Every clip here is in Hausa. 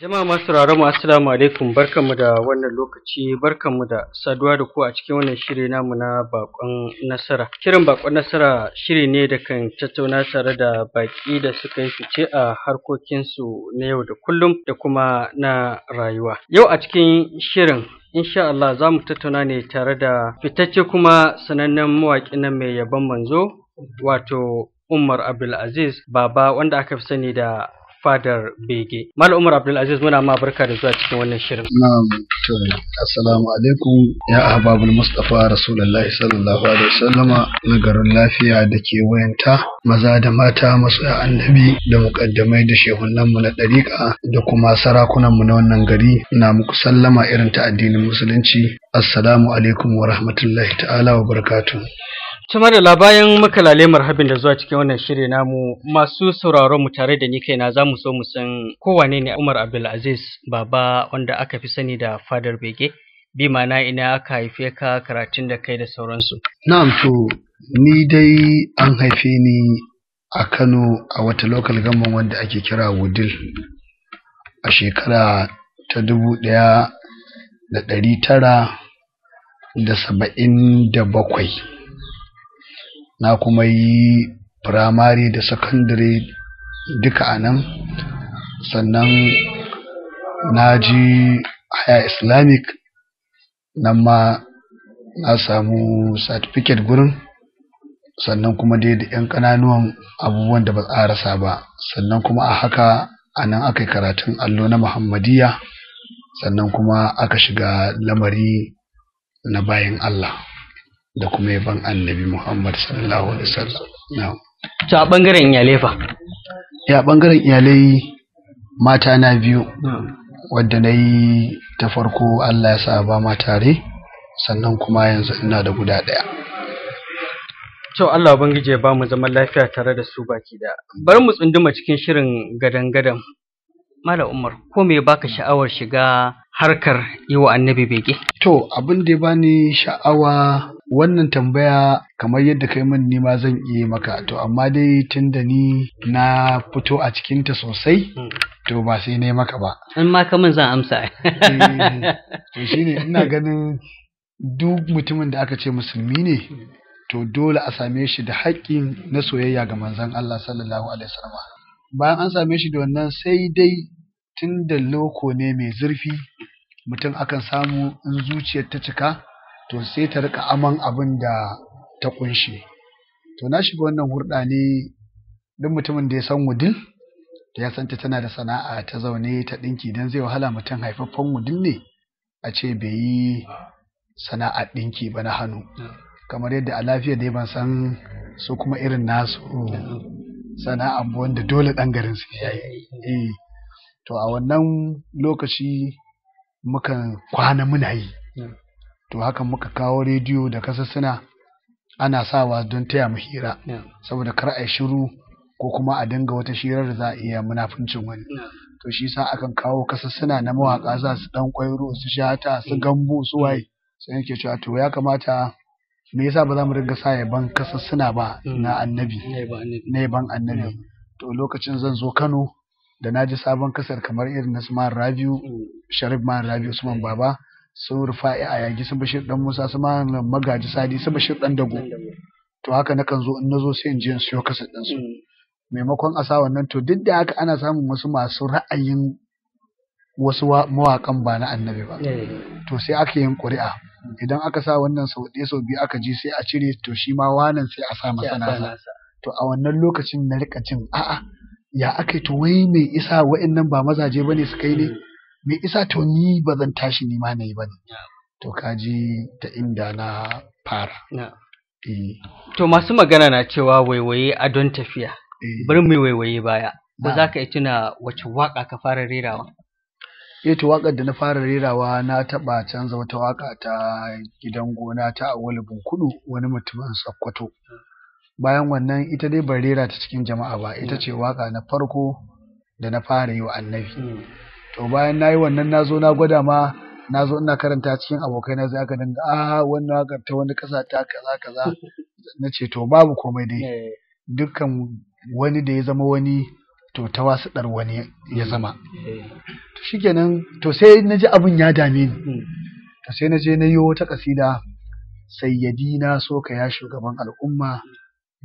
Jama'a masu sauraron mu assalamu alaikum barkanmu da wannan lokaci barkanmu da saduwa da ku a cikin wannan shiri namu na bakon nasara. kiran bakon nasara shiri ne da kan tattauna tare da baki da suka yi fice a harkokin su na yau da kullum da kuma na rayuwa. Yau a cikin shirin insha Allah za mu tattauna ne tare da fitacce kuma sanannen mawaƙi na mai yabon manzo wato Umar Abdulaziz Baba wanda aka fi sani da fadar bege mal umar abdulaziz muna ma barka da zuwa cikin wannan shirin na'am assalamu alaikum ya ahbabul mustafa rasulullahi sallallahu alaihi wasallama na garin lafiya da ke wayanta maza da mata masu annabi da mukaddamai da shehunan mu na dariƙa da kuma sarakunan mu na wannan gari na muku sallama irin ta addinin musulunci assalamu alaikum wa rahmatullahi ta'ala wa barakatuh Cima da bayan makalale marhabin da zuwa cikin wannan shiri namu masu sauraron mu tare da ni kaina za mu so mu san kowane ne Umar Abdulaziz baba wanda aka fi sani da Fadar Bege bi mana ina aka haife ka karatun da kai da sauransu. Na'am to ni dai an haife ni a Kano a wata lokal gamban wanda ake kira Wudil a shekara ta dubu ɗaya da ɗari tara da saba'in da bakwai. na kuma yi firamare da sakandare duka a nan sannan na ji haya islamic nan ma na samu certificate gurin sannan kuma dai da 'yan kananuwan abubuwan da ba a rasa ba sannan kuma a haka a nan aka yi karatun allo na muhammadiyya sannan kuma aka shiga lamari na bayan allah da kuma yaban annabi Muhammad sallallahu alaihi wasallam to a bangaren iyalai fa ya bangaren iyalai mata na biyu wadda na yi ta farko Allah ya sa ba ma tare sannan kuma yanzu ina da guda ɗaya to Allah ubangiji ya ba mu zaman lafiya tare da su baki da bari mu tsunduma cikin shirin gadan gadan Mala Umar, ko me baka sha'awar shiga harkar yiwa wa annabi bege? To, abin da ya bani sha'awa wannan tambaya kamar yadda kai min nima zan iya maka to amma dai tun da ni na fito a cikinta sosai hmm. to ba sai ne maka ba in ma min zan amsa eh, to shine ina ganin duk mutumin da aka ce musulmi ne hmm. to dole a same shi da haƙƙin na soyayya ga manzon Allah sallallahu alaihi wasallam bayan an same shi da wannan sai dai tun da loko ne mai zurfi mutum akan samu in zuciyar ta cika to sai ta rika aman abin da ta kunshe to na shiga wannan hurɗa ne duk mutumin da ya san wudil da ya santa tana da sana'a ta zaune ta ɗinki don zai wahala mutum haifaffen wudil ne a ce bai yi sana'a ɗinki ba na hannu kamar yadda a lafiya dai ban san su kuma irin nasu sana'a wanda dole ɗan garin su ya yi eh, to a wannan lokaci mukan kwana muna yi to haka muka kawo rediyo da kasassuna ana sawa don taya mu hira saboda kar a shiru ko kuma a dinga wata shirar da za a iya munafincin wani to shi sa akan kawo kasassuna na mawaka za su dan kwairo su shata su gambo su waye sai yake cewa to ya kamata me yasa ba za mu dinga sa yaban kasassuna ba mm. na annabi na yaban annabi to lokacin zan zo Kano da na ji sabon kasar kamar irin na Sumar Rabiu mm. Sharif Man Rabiu Usman Baba Sun rufa'i a yagi su bashir dan musa su malam magaji sadi su bashir dan dago to haka na kan zo in zo sai in je in siyo kasa ɗinsu. Mm. maimakon a sa wannan to duk da haka ana samun wasu masu ra'ayin wasu mawakan ba na annabi ba to sai aka yin ƙuri'a idan aka sa wannan sau ɗaya sau biyu aka je sai a cire to shi ma wanan sai a sa masa nasa to a wannan lokacin na rika jin a'a ya aka to wai mai isa wa'annan ba mazaje ba ne su kai ne me isa to ni ba zan tashi ni ma na yi ba ne to kaji ta inda na fara eh. to masu magana na cewa waiwaye a don tafiya eh. bari mai waiwaye baya ba za ka yi tuna wace waka ka fara rerawa Eto eh, to wakar da na fara rerawa na taba canza wata waka ta gidan gona ta awali kudu wani mutumin sakkwato hmm. bayan wannan ita dai ban rera ta cikin jama'a ba ita hmm. ce waka na farko da na fara yi wa annabi hmm. to bayan na yi wannan na zo na gwada ma na zo ina karanta cikin abokai na zai aka dinga a ah, wannan wakar ta wani kasa ta kaza kaza na ce to babu komai dai eh. dukkan wani da ya zama wani to ta wasu ɗar wani ya zama eh. to shikenan to sai na ji abin ya dame ni hmm. to sai na je na yi wata kasida sayyadina so ka ya shugaban al'umma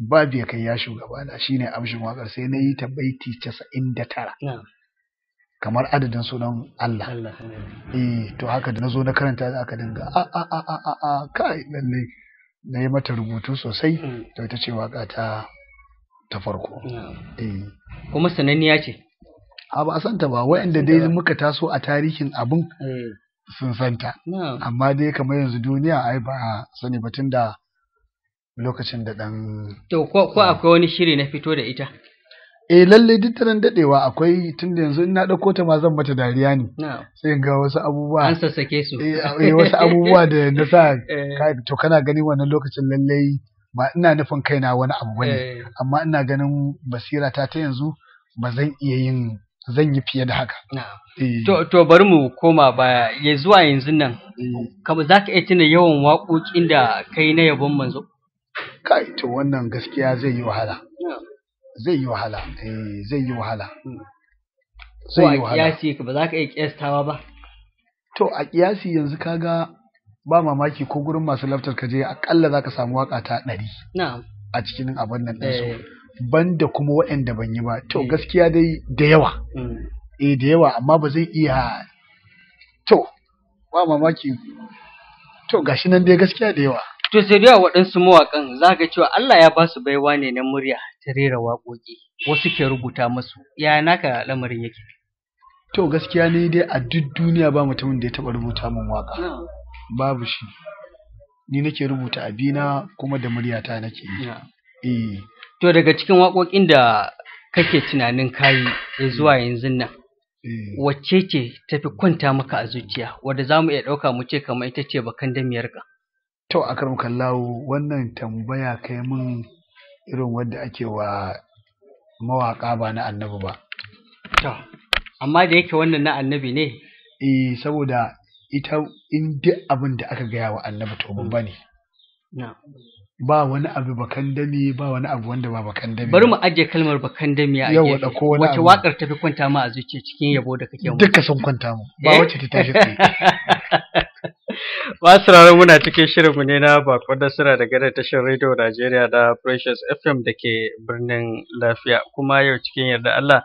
babu ya kai ya shugaba shugabana shine amshin wakar sai na yi ta baiti casa'in da tara kamar adadin sunan Allah eh to haka da nazo na karanta aka dinga a a a a a kai lalle na yi mata rubutu sosai mm. to ita ce waka ta ta farko eh kuma sananniya ce a ba san ta ba wa'anda dai muka taso a tarihin abun eh. sun santa amma dai kamar yanzu duniya ai ba sani ba tunda lokacin da dan to ko eh. akwai wani shiri na fito da ita eh lallai duk dadewa akwai tun da yanzu ina dauko ta ma zan mata dariya ne sai ga wasu abubuwa an sassake su eh, eh wasu abubuwa da na sa eh. to kana gani wannan lokacin lalle ba ina nufin kaina wani abu bane eh. amma ina ganin basira ta ta yanzu ba zan iya yin zan yi fiye da haka to to bari mu koma baya ya zuwa yanzu nan kamar zaka iya tuna yawan waƙoƙin da kai na yabon manzo kai to wannan gaskiya zai yi wahala zai yi wahala eh, zai yi wahala hmm. zai yi wahala kiyasi ba za ka iya kiyastawa ba to a kiyasi yanzu kaga ba mamaki ko gurin masu laftar ka je akalla za ka samu waka ta ɗari a cikin abin nan eh. Ban da kuma waɗanda ban yi ba to eh. gaskiya dai da yawa hmm. eh da yawa amma ba zan iya to ba mamaki to gashi nan dai gaskiya da yawa To sai da waɗansu mawaƙan za ga cewa Allah ya ba su baiwa ne na murya ta rera waƙoƙi wasu ke rubuta musu ya naka lamarin yake. To gaskiya ne dai a duk duniya ba mutumin da ya taɓa rubuta min waƙa. Babu shi. Ni nake rubuta abina kuma da muryata nake yi. Eh. To daga cikin waƙoƙin da kake tunanin kayi ya zuwa yanzu nan. Eh. Wacce ce tafi kwanta maka a zuciya wadda za mu iya ɗauka mu ce kamar ita ce bakan damiyar ka? To a kallawo wannan tambaya kai mun irin wadda ake wa mawaƙa ba na annabi ba. To, amma da yake wannan na annabi ne? Eh, saboda ita in duk abin da aka gaya wa annabi to ban bane. Ba wani abu dami, ba wani abu wanda ba dami. Bari mu ajiye kalmar dami a da Yau wani Wace waƙar tafi kwanta ma a zuciya cikin yabo da kake mu? Duka sun kwanta mu. Ba eh? wacce ta tashi tsaye. Masu muna cikin mu ne na bakon da daga da tashar Radio Najeriya da Precious FM da ke birnin lafiya kuma yau cikin yarda Allah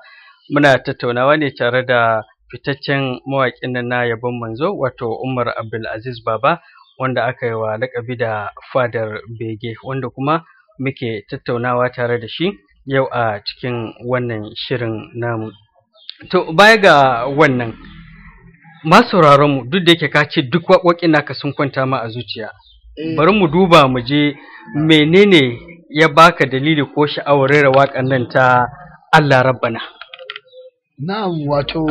muna tattaunawa ne tare da fitaccen mawakin nan na yabon manzo wato Umar Abdulaziz Baba wanda aka yi wa lakabi da fadar bege wanda kuma muke tattaunawa tare da shi yau a cikin wannan shirin namu. To baya ga wannan. masauraron mu duk da yake ka ce duk waƙoƙin naka sun kwanta ma a zuciya eh. bari mu duba mu je menene ya baka dalili ko sha'awar rera waƙan nan ta Allah rabbana na'am wato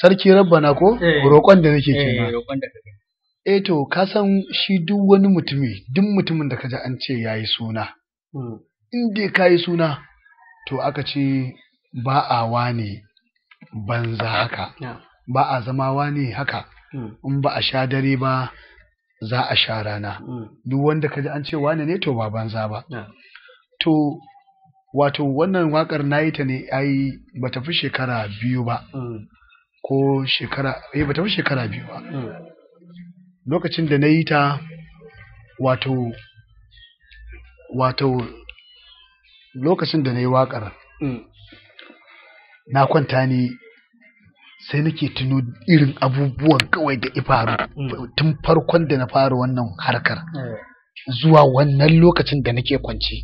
sarki rabbana ko eh. roƙon da nake eh, kenan eh to ka san shi duk wani mutumi duk mutumin da kaji an ce yayi suna hmm. in dai ka yi suna to aka ce ba a wane banza haka ba a zama ne haka hmm. in ba a sha dare ba za a sha rana hmm. duk wanda kaji an ce wani ne to ba banza ba to wato wannan wakar na yi ta ne ai ba tafi shekara biyu ba hmm. ko shekara eh ba tafi shekara biyu ba lokacin da na yi ta wato wato lokacin da na yi wakar na kwanta ne sai nake tuno irin abubuwan kawai da faru tun farkon da na fara wannan harkar zuwa wannan lokacin da nake kwance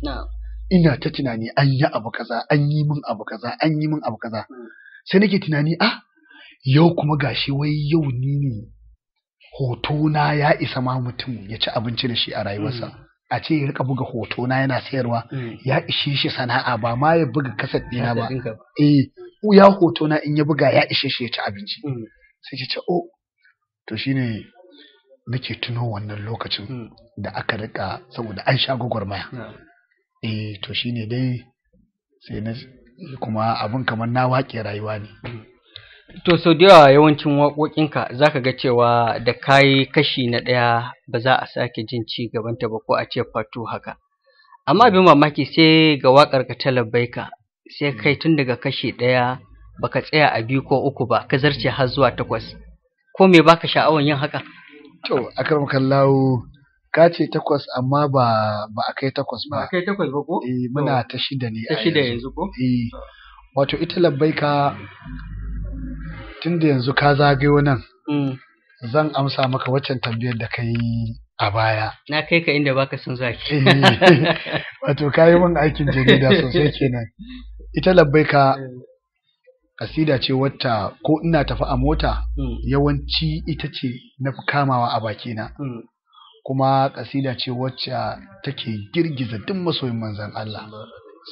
ina ta tunani an yi abu kaza an yi min abu kaza an yi min abu kaza sai nake tunani a? Ah, yau kuma gashi wai yau ni ne hotona ya isa ma mutum ya ci abinci da shi a rayuwarsa a ce ya rika buga hotona yana sayarwa ya ishe shi sana'a ba ma ya buga kasat ɗina ba eh Wuya hoto na in ya buga ya ishe shi ya ci abinci mm. sai ce ce oh. o to shine nake tuno wannan lokacin mm. da aka rika saboda an sha gwagwarmaya eh to shine dai sai na kuma abin kamar na waƙe rayuwa ne mm. to sau da yawa yawancin waƙoƙinka za ka ga cewa da kayi kashi na ɗaya ba za a sake jin ci gabanta ba ko a ce fatu haka amma abin mamaki sai ga waƙar ka ta labbaika sai kai mm. tun daga kashi ɗaya baka tsaya a biyu ko uku ba ka zarce har zuwa takwas ko me baka sha'awan yin haka to akram kallawo ka ce takwas amma ba ba a kai takwas ba ba kai takwas ba ko eh muna ta shida ne ta shida yanzu ko eh wato ita labbaika tunda yanzu ka zagayo nan mm. zan amsa maka waccan tambayar da kai a baya na kai ka inda baka son zaki eh, wato kayi min aikin jarida sosai kenan ita labbaika eh. kasida ce wata ko ina tafi a mota hmm. yawanci ita ce na fi kamawa a bakina hmm. kuma kasida ce wacce take girgiza duk masoyin manzan Allah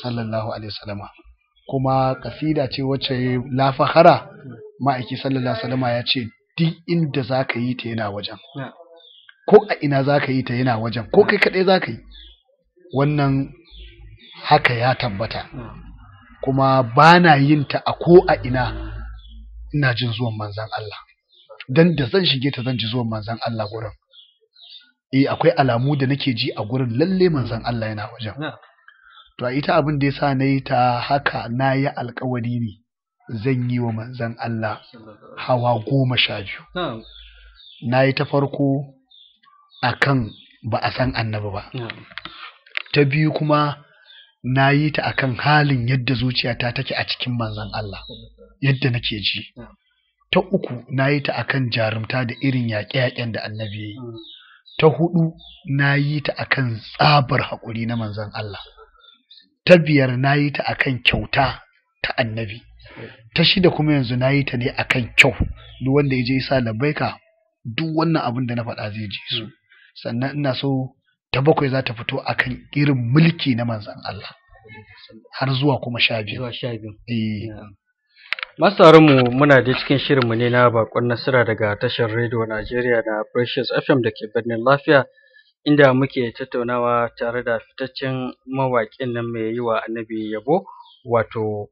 sallallahu alaihi wasallama kuma kasida ce wacce la fahara ma'aiki sallallahu alaihi wasallama ya ce duk inda za ka yi ta yana wajen ko a ina za ka yi ta yana wajen ko kai kaɗai za ka yi wannan haka ya tabbata hmm. kuma ba na yin ta a ko a ina ina jin zuwan manzan Allah dan da zan shige ta zan ji zuwan manzan Allah gurin eh akwai alamu da nake ji a gurin lalle manzan Allah yana wajen to a ita abin da yasa nayi ta haka nayi alkawari ne zan yi wa manzan Allah hawa goma sha biyu nayi ta farko akan ba a san annabi ba ta biyu kuma na yi ta akan halin yadda zuciyata take a cikin manzon Allah yadda nake ji ta uku na yi ta akan jarumta da irin yaƙe-yaƙen da annabi ya yi ta hudu na yi ta akan tsabar haƙuri na manzon Allah ta biyar na yi ta akan kyauta ta annabi ta shida kuma yanzu na yi ta ne akan kyau duk wanda ya je sa labbaika duk wannan abin da na faɗa zai ji su sannan ina so ta bakwai za ta fito akan irin mulki na manzan Allah har zuwa kuma sha biyu. Eh. mu muna da cikin shirinmu ne na bakon nasira daga tashar rediyo Najeriya na Precious FM da ke birnin lafiya inda muke tattaunawa tare da fitaccen mawaƙin nan mai yi wa annabi yabo wato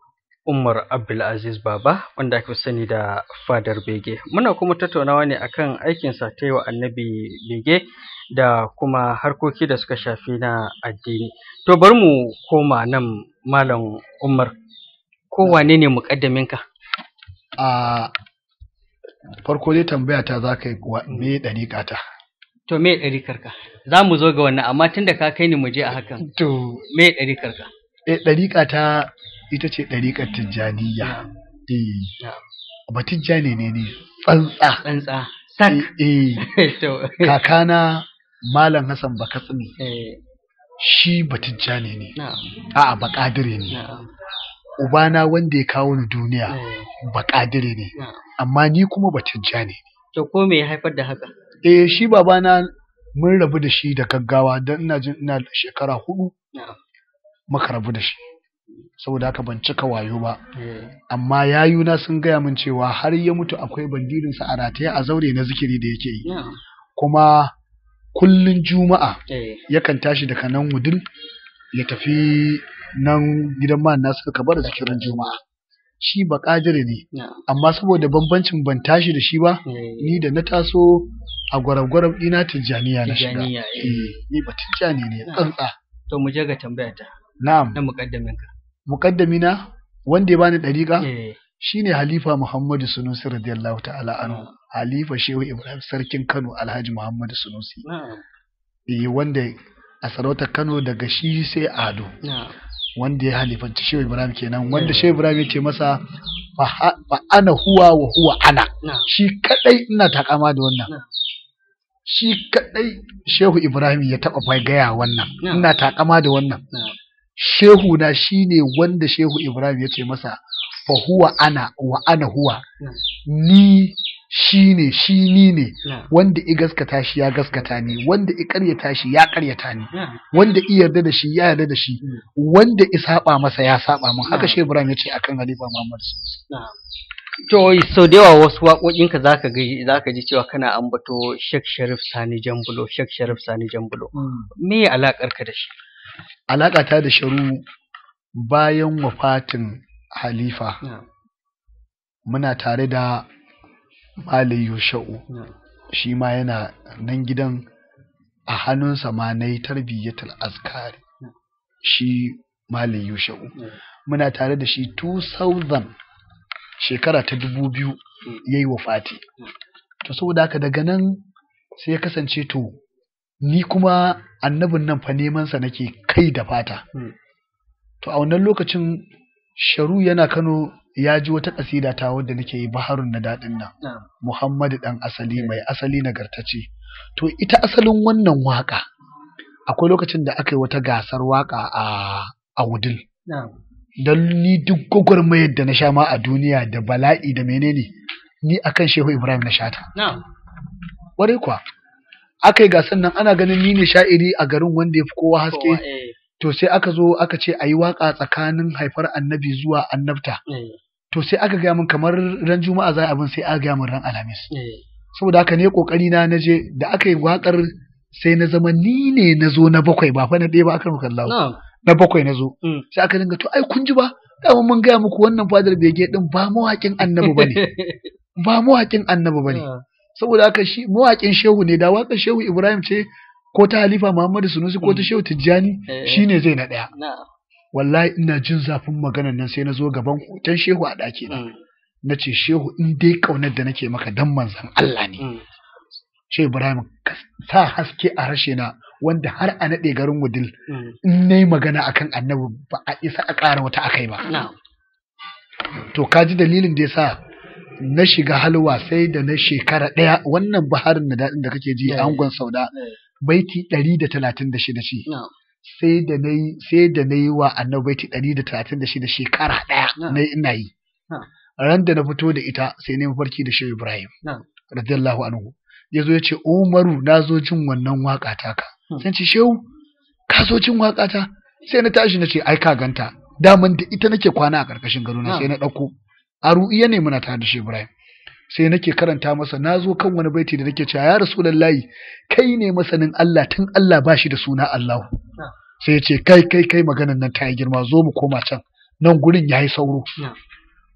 Umar Abdulaziz Baba wanda aka sani da Fadar Bege. Muna kuma tattaunawa ne akan aikinsa ta yi wa annabi Bege da kuma harkoki da suka shafi na addini to bari mu koma nan malam umar kowane ne muƙaddaminka a farko dai tambaya ta za ka yi me ɗariƙa ta to me ɗariƙar ka za mu zo ga wannan amma tun da ka kai ni mu je a hakan to me ɗariƙar ka e eh, ɗariƙa ta ita ce ɗariƙar tijjaniya eh ba tijjani ne ne tsantsa tsantsa sak eh, eh. kakana malam hassan ba katsini eh. shi Tijjani ne a'a ba ne ubana wanda ya kawo ni duniya eh. bakadire ne amma ni kuma batijjani ne to ko me ya haifar da haka eh shi babana mun rabu da shi da gaggawa don ina jin ina da shekara hudu muka rabu da shi saboda haka ban cika wayo ba eh. amma yayuna sun gaya min cewa har ya mutu akwai bandirinsa a rataye a zaure na zikiri da yake yi kuma kullun juma'a eh. yakan tashi daga nan wudin ya tafi nan gidan man nasu suka bar zikirin juma'a shi ba kajire ne amma saboda bambancin ban tashi da shi ba eh. ni da na taso a gwaragwarar ina tijjaniya na shiga eh. ni ba tijjani ne ah. tsantsa to mu je ga tambaya ta na muqaddamin ka wanda ya bani dariƙa shine halifa muhammadu sunusi radiyallahu ta'ala anhu ah. Halifa Shehu Ibrahim sarkin Kano Alhaji Muhammadu Sunusi. E, wanda a sarauta Kano daga shi sai Ado. Wanda ya halifanci Shehu Ibrahim kenan wanda Shehu Ibrahim ya ce masa fa ana huwa wa huwa ana. Shi kadai ina takama da wannan. Shi kadai Shehu Ibrahim ya taba fai gaya wannan. Ina takama da wannan. Shehu na shine wanda Shehu Ibrahim ya ce masa fa huwa ana wa ana huwa. Ni shi ne shi ni ne wanda i gaskata shi ya gaskata ni wanda i karyata shi ya karyata ni wanda i yarda da shi ya yarda da shi wanda i saba masa ya saba mun haka shi Ibrahim ya ce akan Halifa Muhammad to so da yawa wasu waƙoƙinka zaka ga zaka ji cewa kana ambato Sheikh Sharif Sani Jambulo Sheikh Sharif Sani Jambulo hmm. me ya alakar ka da shi Alaƙa ta da sharu bayan wafatin Halifa muna tare da mali yusha'u shi ma yana nan gidan a hannunsa ma na yi tarbiyyatul azkari shi mali yusha'u muna tare da shi 2000 shekara ta dubu biyu ya yi wafati to saboda haka daga nan sai ya kasance to ni kuma annabin nan fa neman sa nake kai da fata to a wannan lokacin sharu yana kano ya ji wata kasida ta wadda nake yi baharun na daɗin nan muhammadu ɗan asali mai asali nagartace to ita asalin wannan waka akwai lokacin da aka yi wata gasar waka a a wudil don ni duk gwagwarmayar da na sha ma a duniya da bala'i da menene ni akan shehu ibrahim na shata ware kuwa aka yi gasar nan ana ganin ni ne sha'iri a garin wanda ya fi kowa haske eh. to sai aka zo aka ce a yi waƙa tsakanin haifar annabi zuwa annabta mm. to sai aka gaya min kamar ran juma'a za abin sai aka gaya min ran alhamis mm. saboda haka ne kokari na na je da aka yi waƙar sai na zama ni ne na zo na bakwai ba fa na ɗaya ba aka nuka Allah na bakwai na zo mm. sai aka dinga to ai kun ji ba dama mun gaya muku wannan fadar bege din ba mawaƙin annabi ne. ba mawaƙin annabi ne. saboda haka shi mawaƙin shehu ne da waƙar shehu Ibrahim ce ko ta halifa Muhammadu Sunusi ko ta mm. Shehu Tijjani eh, eh. shine zai na ɗaya. Wallahi ina jin zafin maganan nan sai na zo gaban hoton Shehu a ɗaki na. Mm. Na ce Shehu in dai ƙaunar da nake maka dan manzan Allah ne. Ce mm. Ibrahim sa haske a harshe na wanda har a naɗe garin Wudil in na magana akan annabi ba a isa a ƙara wata akai ba. To ka ji dalilin da yasa na shiga halwa sai da na shekara ɗaya wannan baharin na daɗin da kake ji a eh. angon sauda baiti ɗari da talatin da shida ce. Sai da na yi wa annabi baiti ɗari da talatin da shida shekara ɗaya na ina yi. Ran da na fito da ita sai na mafarki da Shehu Ibrahim. Radiyallahu anhu. Ya zo ya ce Umaru na zo jin wannan waƙa ka. Hmm. Sai ce Shehu ka zo jin waƙa ta. Sai na tashi na ce ai ka ganta. Daman da ita nake kwana a ƙarƙashin gado na sai na ɗauko. A ru'iya ne muna tare da Shehu Ibrahim. sai nake karanta masa na zo kan wani baiti da nake cewa ya rasulullahi kai ne masanin Allah tun Allah ba shi da suna Allah sai ya ce kai kai kai maganan nan ta yi girma zo mu koma can nan gurin ya yi sauro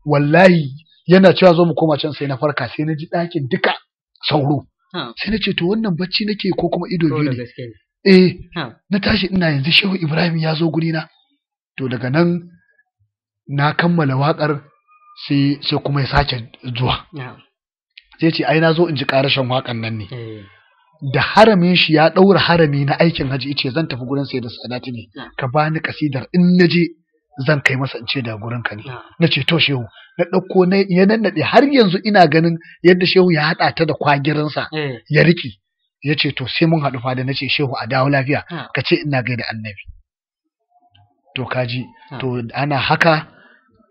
wallahi yana cewa zo mu koma can sai na farka sai na ji ɗakin duka sauro sai na ce to wannan bacci nake ko kuma ido biyu ne eh na tashi ina yanzu shehu ibrahim ya zo gurina to daga nan na kammala wakar sai kuma ya sake zuwa zai ce ai na zo in ji karashin wakan nan ne eh. da haramin shi ya ɗaura harami na aikin haji ce zan tafi gurin sai da sadati ne ah. ka bani kasidar in na je zan kai masa in ce da gurin ka ne ah. na ce to shehu na ɗauko na ya nannaɗe har yanzu ina ganin yadda shehu ya haɗa ta da kwagirinsa eh. ya riki ya ce to sai mun haɗu fada na ce shehu a dawo lafiya ah. ka ce ina gaida annabi to kaji to ana haka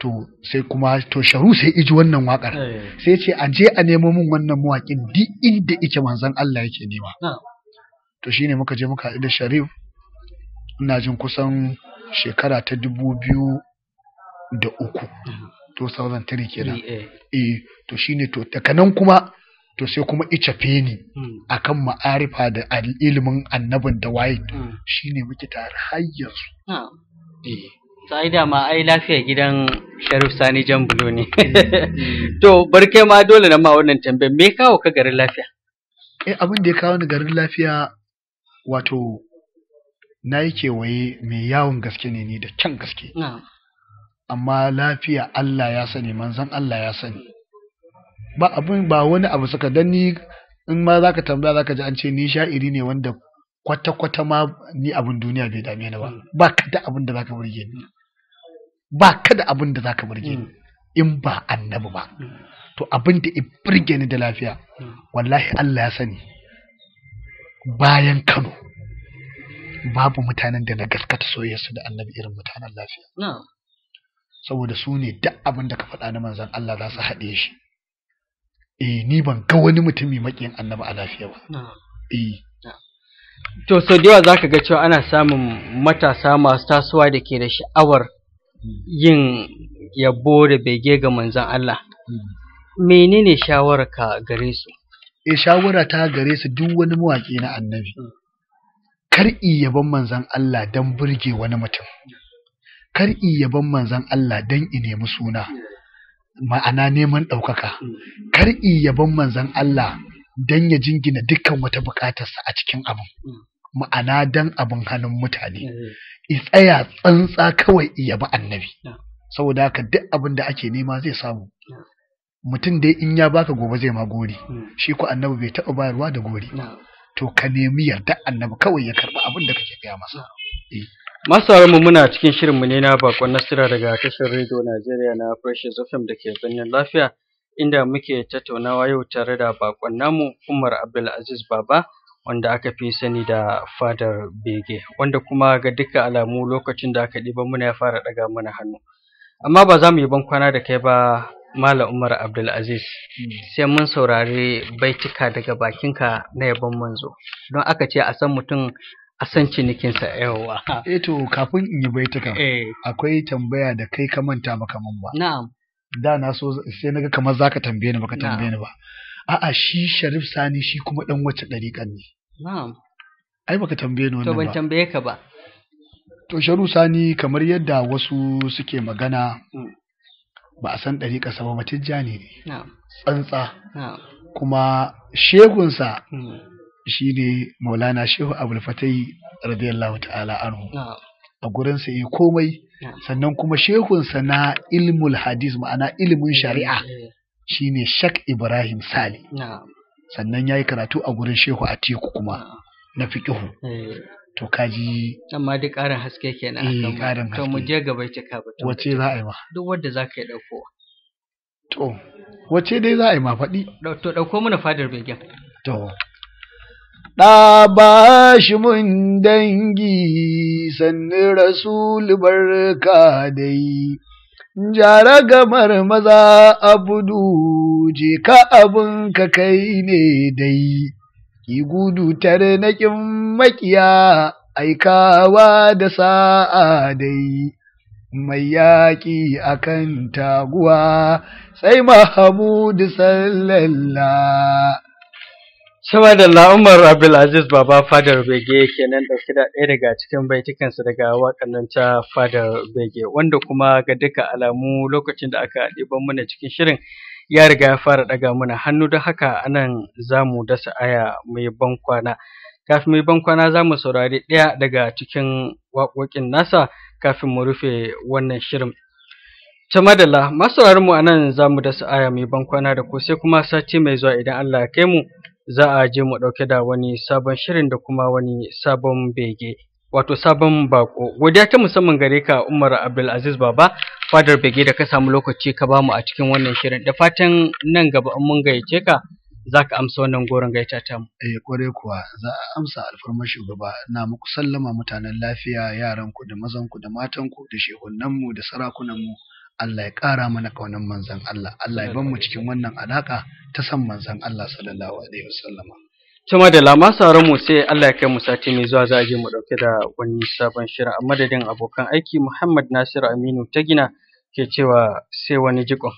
to sai kuma to sharu sai iji wannan wakar eh. sai ce a je a nemo min wannan mawakin duk inda ike manzon Allah yake nema to shine muka je muka da Sharif ina jin kusan shekara ta dubu biyu da uku 2003 mm-hmm. kenan eh. eh to shine to daga nan kuma to sai kuma ice feni mm. akan ma'arifa da ilimin annabin da waye mm. shine muke tare har yanzu eh sai da ma ai lafiya gidan Sharif Sani Jan Bulo ne to barke ma dole na ma wannan tambayar me kawo ka garin lafiya eh abin da ya kawo ni garin lafiya wato na yi kewaye mai yawon gaske ne ni da can gaske amma lafiya Allah ya sani manzon Allah ya sani ba abin ba wani abu suka dan ni in ma zaka tambaya zaka ji an ce ni sha'iri ne wanda kwata kwata ma ni abin duniya bai dame ni ba mm. ba kada abin da zaka burge ni ba ka da abin da za ka burge mm. in ba annabi ba mm. to abin da burge ni da lafiya mm. wallahi Allah ya sani bayan Kano babu mutanen da na gaskata soyayyarsu da annabi irin mutanen lafiya saboda su ne duk abin da ka faɗa na manzan Allah za su haɗe shi eh ni ban ga wani mutumi maƙiyin annabi a lafiya ba eh to sau da yawa zaka ga cewa ana samun matasa masu tasowa da ke da sha'awar yin yabo da bege ga manzon Allah hmm. menene shawararka gare su e shawara ta gare su duk wani mawaƙi na annabi hmm. kar yaban manzon Allah don burge wani mutum kar yaban manzon Allah don i nemi suna ma'ana neman ɗaukaka hmm. kar yaban manzon Allah don ya jingina dukkan wata buƙatarsa a cikin abin ma'ana don abin hannun mutane i tsaya tsantsa kawai ya bi annabi saboda haka duk abin da ake nema zai samu mutum dai in ya baka gobe zai ma gori hmm. shi ko annabi bai taɓa bayarwa da gori to ka nemi yarda annabi kawai ya karɓi abin da kake gaya masa eh. masu mu muna cikin shirin mu ne na bakon nasira daga tashar rediyo Najeriya na Fresh FM da ke lafiya inda muke tattaunawa yau tare da bakon namu Umar Abdulaziz Baba wanda aka fi sani da fadar bege wanda kuma ga duka alamu lokacin da aka ɗiba muna ya fara ɗaga mana hannu amma ba za mu yi bankwana da kai ba Malam Umar Abdulaziz hmm. sai mun saurari baitika daga bakinka na yabon manzo don aka ce a san mutum a san cinikinsa yawa. Eh to kafin in yi baitika eh. akwai tambaya da kai ka manta ba kaman ba. Na'am. Da na so sai naga kamar zaka tambaye ni baka tambaye ni ba. a'a shi Sharif Sani shi kuma dan wace ɗariƙan ne na'am ai baka tambaye ni wannan to ban tambaye ka ba to Sharif Sani kamar yadda wasu suke magana hmm. ba a san ɗariƙa sama ba tijjani ne tsantsa kuma shegunsa hmm. shi ne maulana shehu Fatai radiyallahu ta'ala anhu a gurinsa yi komai sannan kuma shehunsa na ilmul hadis ma'ana ilimin shari'a eh, eh, eh. Shi ne Shak Ibrahim Sali sannan ya yi karatu a gurin Shehu Atiku kuma na fiƙihu eh. to kaji amma duk ƙarin haske kenan eh ƙarin haske to mu je gaba cika ba wace za a yi ma duk wadda za ka yi ɗauko to wace dai za a yi ma faɗi to ɗauko mana fadar begen to ɗa ba shi mun dangi sannin rasul barka dai jara gamar maza abudu je ka abun ka kai ne dai ki gudu tare na ƙin makiya aikawa da sa'a dai mai yaƙi a kan taguwa sai mahamudu sallalla Shama da la'umar Abdulaziz Baba Fadar Bege kenan ɗauke da ɗaya daga cikin baitukansa daga waƙannan ta Fadar Bege wanda kuma ga duka alamu lokacin da aka ɗiban mana cikin shirin ya riga ya fara ɗaga mana hannu da haka anan za mu dasa aya mai ban kwana. Kafin mai ban kwana za mu saurari ɗaya daga cikin waƙoƙin nasa kafin mu rufe wannan shirin. Ta madalla, masu mu anan za mu dasa aya mai ban kwana da ku sai kuma sati mai zuwa idan Allah ya kai mu. za a je mu ɗauke da wani sabon shirin da kuma wani sabon bege wato sabon bako godiya ta musamman gare ka umar abdulaziz baba fadar bege da ka samu lokaci ka bamu a cikin wannan shirin da fatan nan gaba an mun gayyace ka za ka amsa wannan goron gaita ta mu. Eh kware kuwa za a amsa alfarmar shugaba na muku sallama mutanen lafiya yaran ku da mazan ku da matan ku da shehunan mu da sarakunan mu Allah ya ƙara mana ƙaunar manzan Allah Allah ya ban mu cikin wannan alaƙa ta san manzan Allah sallallahu alaihi wasallama Tuma da lama sauran mu sai Allah ya kai mu sati mai zuwa za a je mu ɗauke da wani sabon shirin a madadin abokan aiki Muhammad Nasiru Aminu ta gina ke cewa sai wani jikon